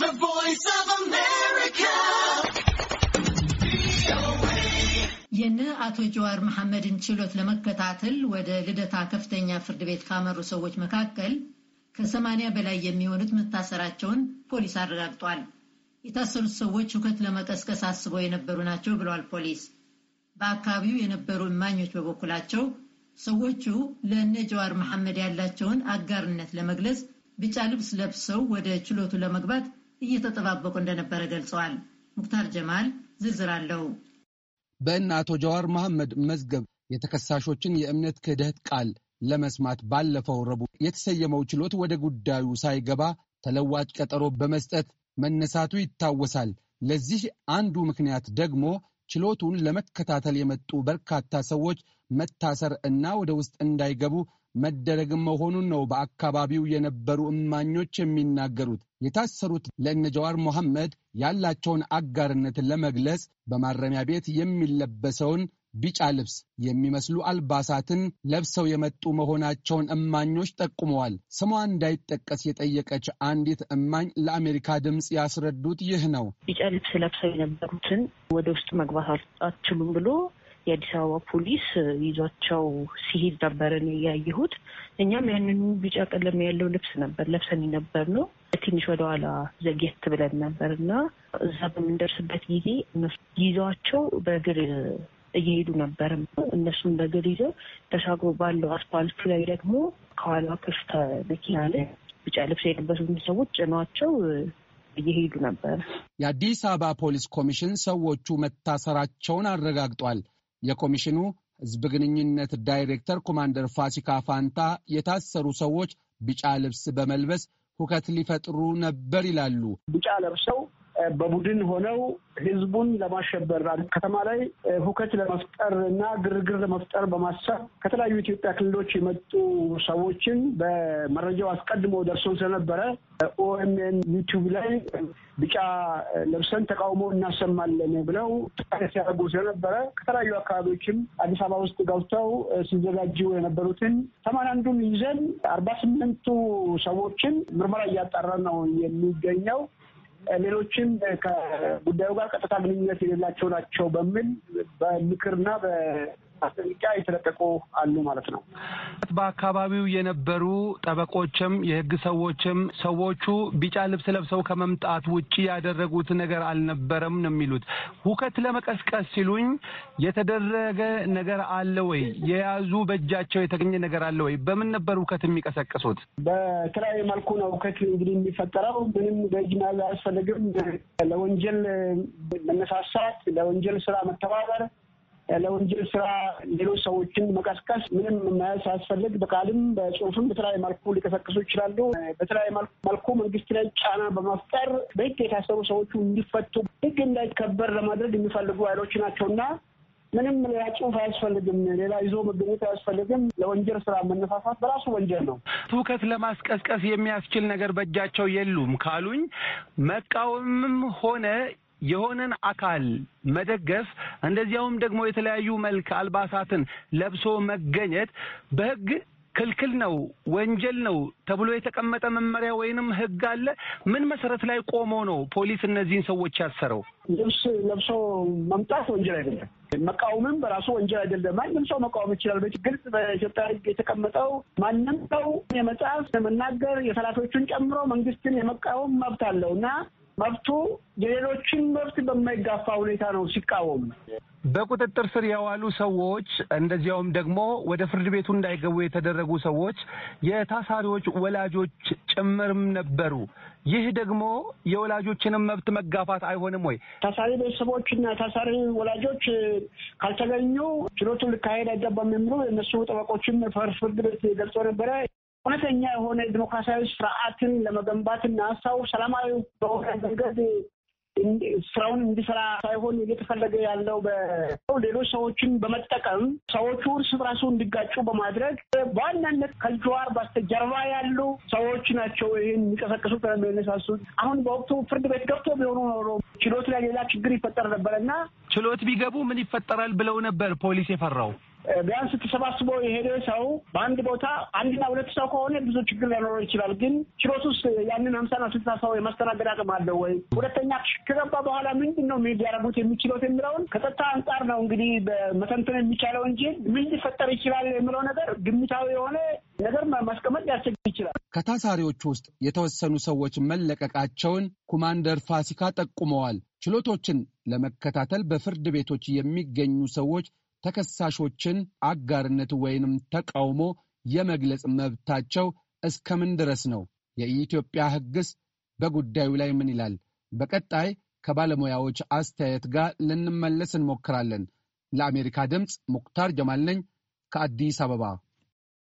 The Voice of America. የነ አቶ ጀዋር መሐመድን ችሎት ለመከታተል ወደ ልደታ ከፍተኛ ፍርድ ቤት ካመሩ ሰዎች መካከል ከሰማንያ በላይ የሚሆኑት መታሰራቸውን ፖሊስ አረጋግጧል። የታሰሩት ሰዎች ሁከት ለመቀስቀስ አስበው የነበሩ ናቸው ብለዋል ፖሊስ። በአካባቢው የነበሩ እማኞች በበኩላቸው ሰዎቹ ለእነ ጀዋር መሐመድ ያላቸውን አጋርነት ለመግለጽ ቢጫ ልብስ ለብሰው ወደ ችሎቱ ለመግባት እየተጠባበቁ እንደነበረ ገልጸዋል። ሙክታር ጀማል ዝርዝር አለው። በእነ አቶ ጀዋር መሐመድ መዝገብ የተከሳሾችን የእምነት ክህደት ቃል ለመስማት ባለፈው ረቡዕ የተሰየመው ችሎት ወደ ጉዳዩ ሳይገባ ተለዋጭ ቀጠሮ በመስጠት መነሳቱ ይታወሳል። ለዚህ አንዱ ምክንያት ደግሞ ችሎቱን ለመከታተል የመጡ በርካታ ሰዎች መታሰር እና ወደ ውስጥ እንዳይገቡ መደረግ መሆኑን ነው በአካባቢው የነበሩ እማኞች የሚናገሩት። የታሰሩት ለእነ ጀዋር መሐመድ ያላቸውን አጋርነት ለመግለጽ በማረሚያ ቤት የሚለበሰውን ቢጫ ልብስ የሚመስሉ አልባሳትን ለብሰው የመጡ መሆናቸውን እማኞች ጠቁመዋል። ስሟ እንዳይጠቀስ የጠየቀች አንዲት እማኝ ለአሜሪካ ድምፅ ያስረዱት ይህ ነው። ቢጫ ልብስ ለብሰው የነበሩትን ወደ ውስጥ መግባት አትችሉም ብሎ የአዲስ አበባ ፖሊስ ይዟቸው ሲሄድ ነበር እኔ ያየሁት። እኛም ያንኑ ቢጫ ቀለም ያለው ልብስ ነበር ለብሰን ነበር ነው። ትንሽ ወደኋላ ዘግየት ብለን ነበር እና እዛ በምንደርስበት ጊዜ እነሱ ይዟቸው በእግር እየሄዱ ነበር። እነሱም በእግር ይዘው ተሻግሮ ባለው አስፓልት ላይ ደግሞ ከኋላ ክፍተ መኪና ላይ ቢጫ ልብስ የለበሱ ሰዎች ጭኗቸው እየሄዱ ነበር። የአዲስ አበባ ፖሊስ ኮሚሽን ሰዎቹ መታሰራቸውን አረጋግጧል። የኮሚሽኑ ህዝብ ግንኙነት ዳይሬክተር ኮማንደር ፋሲካ ፋንታ የታሰሩ ሰዎች ቢጫ ልብስ በመልበስ ሁከት ሊፈጥሩ ነበር ይላሉ። ቢጫ ለብሰው በቡድን ሆነው ህዝቡን ለማሸበር ከተማ ላይ ሁከት ለመፍጠር እና ግርግር ለመፍጠር በማሰብ ከተለያዩ ኢትዮጵያ ክልሎች የመጡ ሰዎችን በመረጃው አስቀድሞ ደርሶን ስለነበረ ኦኤምኤን ዩቲዩብ ላይ ቢጫ ለብሰን ተቃውሞ እናሰማለን ብለው ጥቃት ሲያደርጉ ስለነበረ ከተለያዩ አካባቢዎችም አዲስ አበባ ውስጥ ገብተው ሲዘጋጁ የነበሩትን ሰማንያ አንዱን ይዘን አርባ ስምንቱ ሰዎችን ምርመራ እያጣራ ነው የሚገኘው። ሌሎችም ከጉዳዩ ጋር ቀጥታ ግንኙነት የሌላቸው ናቸው በሚል በምክርና ማስጠንቀቂያ የተለቀቁ አሉ ማለት ነው። በአካባቢው የነበሩ ጠበቆችም የህግ ሰዎችም ሰዎቹ ቢጫ ልብስ ለብሰው ከመምጣት ውጭ ያደረጉት ነገር አልነበረም ነው የሚሉት። ሁከት ለመቀስቀስ ሲሉኝ የተደረገ ነገር አለ ወይ? የያዙ በእጃቸው የተገኘ ነገር አለ ወይ? በምን ነበር ሁከት የሚቀሰቀሱት? በተለያየ መልኩ ነው ሁከት እንግዲህ የሚፈጠረው። ምንም በእጅ መያዝ አያስፈልግም። ለወንጀል መነሳሳት፣ ለወንጀል ስራ መተባበር ለወንጀል ስራ ሌሎች ሰዎችን መቀስቀስ ምንም ሳያስፈልግ በቃልም በጽሁፍም በተለያየ መልኩ ሊቀሰቅሱ ይችላሉ። በተለያየ መልኩ መንግስት ላይ ጫና በመፍጠር በህግ የታሰሩ ሰዎቹ እንዲፈቱ፣ ህግ እንዳይከበር ለማድረግ የሚፈልጉ ኃይሎች ናቸውና ምንም ሌላ ጽሁፍ አያስፈልግም። ሌላ ይዞ መገኘት አያስፈልግም። ለወንጀል ስራ መነሳሳት በራሱ ወንጀል ነው። ትውከት ለማስቀስቀስ የሚያስችል ነገር በእጃቸው የሉም ካሉኝ መቃወምም ሆነ የሆነን አካል መደገፍ እንደዚያውም ደግሞ የተለያዩ መልክ አልባሳትን ለብሶ መገኘት በህግ ክልክል ነው፣ ወንጀል ነው ተብሎ የተቀመጠ መመሪያ ወይንም ህግ አለ? ምን መሰረት ላይ ቆሞ ነው ፖሊስ እነዚህን ሰዎች ያሰረው? ልብስ ለብሶ መምጣት ወንጀል አይደለም። መቃወምም በራሱ ወንጀል አይደለም። ማንም ሰው መቃወም ይችላል። በግልጽ በኢትዮጵያ ህግ የተቀመጠው ማንም ሰው የመጽሐፍ የመናገር፣ የሰላቶቹን ጨምሮ መንግስትን የመቃወም መብት አለው እና መብቱ የሌሎችን መብት በማይጋፋ ሁኔታ ነው ሲቃወሙ። በቁጥጥር ስር የዋሉ ሰዎች እንደዚያውም ደግሞ ወደ ፍርድ ቤቱ እንዳይገቡ የተደረጉ ሰዎች የታሳሪዎች ወላጆች ጭምርም ነበሩ። ይህ ደግሞ የወላጆችንም መብት መጋፋት አይሆንም ወይ? ታሳሪ ቤተሰቦች እና ታሳሪ ወላጆች ካልተገኙ ችሎቱ ሊካሄድ አይገባም የሚሉ የእነሱ ጠበቆችም ፍርድ ቤት ገልጾ ነበረ። እውነተኛ የሆነ ዲሞክራሲያዊ ስርዓትን ለመገንባትና ሰው ሰላማዊ በሆነ መንገድ ስራውን እንዲሰራ ሳይሆን እየተፈለገ ያለው ሌሎች ሰዎችን በመጠቀም ሰዎቹ እርስ በራሱ እንዲጋጩ በማድረግ በዋናነት ከልጅዋር በስተጀርባ ያሉ ሰዎች ናቸው ይህን የሚቀሰቅሱት የሚያነሳሱት። አሁን በወቅቱ ፍርድ ቤት ገብቶ ቢሆኑ ኖሮ ችሎት ላይ ሌላ ችግር ይፈጠር ነበር እና ችሎት ቢገቡ ምን ይፈጠራል ብለው ነበር ፖሊስ የፈራው። ቢያንስ ተሰባስቦ የሄደ ሰው በአንድ ቦታ አንድና ሁለት ሰው ከሆነ ብዙ ችግር ሊያኖረው ይችላል። ግን ችሎት ውስጥ ያንን ሀምሳና ስልሳ ሰው የማስተናገድ አቅም አለው ወይ? ሁለተኛ ከገባ በኋላ ምንድን ነው ሜድ ያደረጉት የሚችሎት የሚለውን ከጸጥታ አንጻር ነው እንግዲህ በመተንተን የሚቻለው እንጂ ምን ሊፈጠር ይችላል የሚለው ነገር ግምታዊ የሆነ ነገር ማስቀመጥ ሊያስቸግር ይችላል። ከታሳሪዎች ውስጥ የተወሰኑ ሰዎች መለቀቃቸውን ኮማንደር ፋሲካ ጠቁመዋል። ችሎቶችን ለመከታተል በፍርድ ቤቶች የሚገኙ ሰዎች ተከሳሾችን አጋርነት ወይንም ተቃውሞ የመግለጽ መብታቸው እስከምን ድረስ ነው? የኢትዮጵያ ሕግስ በጉዳዩ ላይ ምን ይላል? በቀጣይ ከባለሙያዎች አስተያየት ጋር ልንመለስ እንሞክራለን። ለአሜሪካ ድምፅ ሙክታር ጀማል ነኝ ከአዲስ አበባ።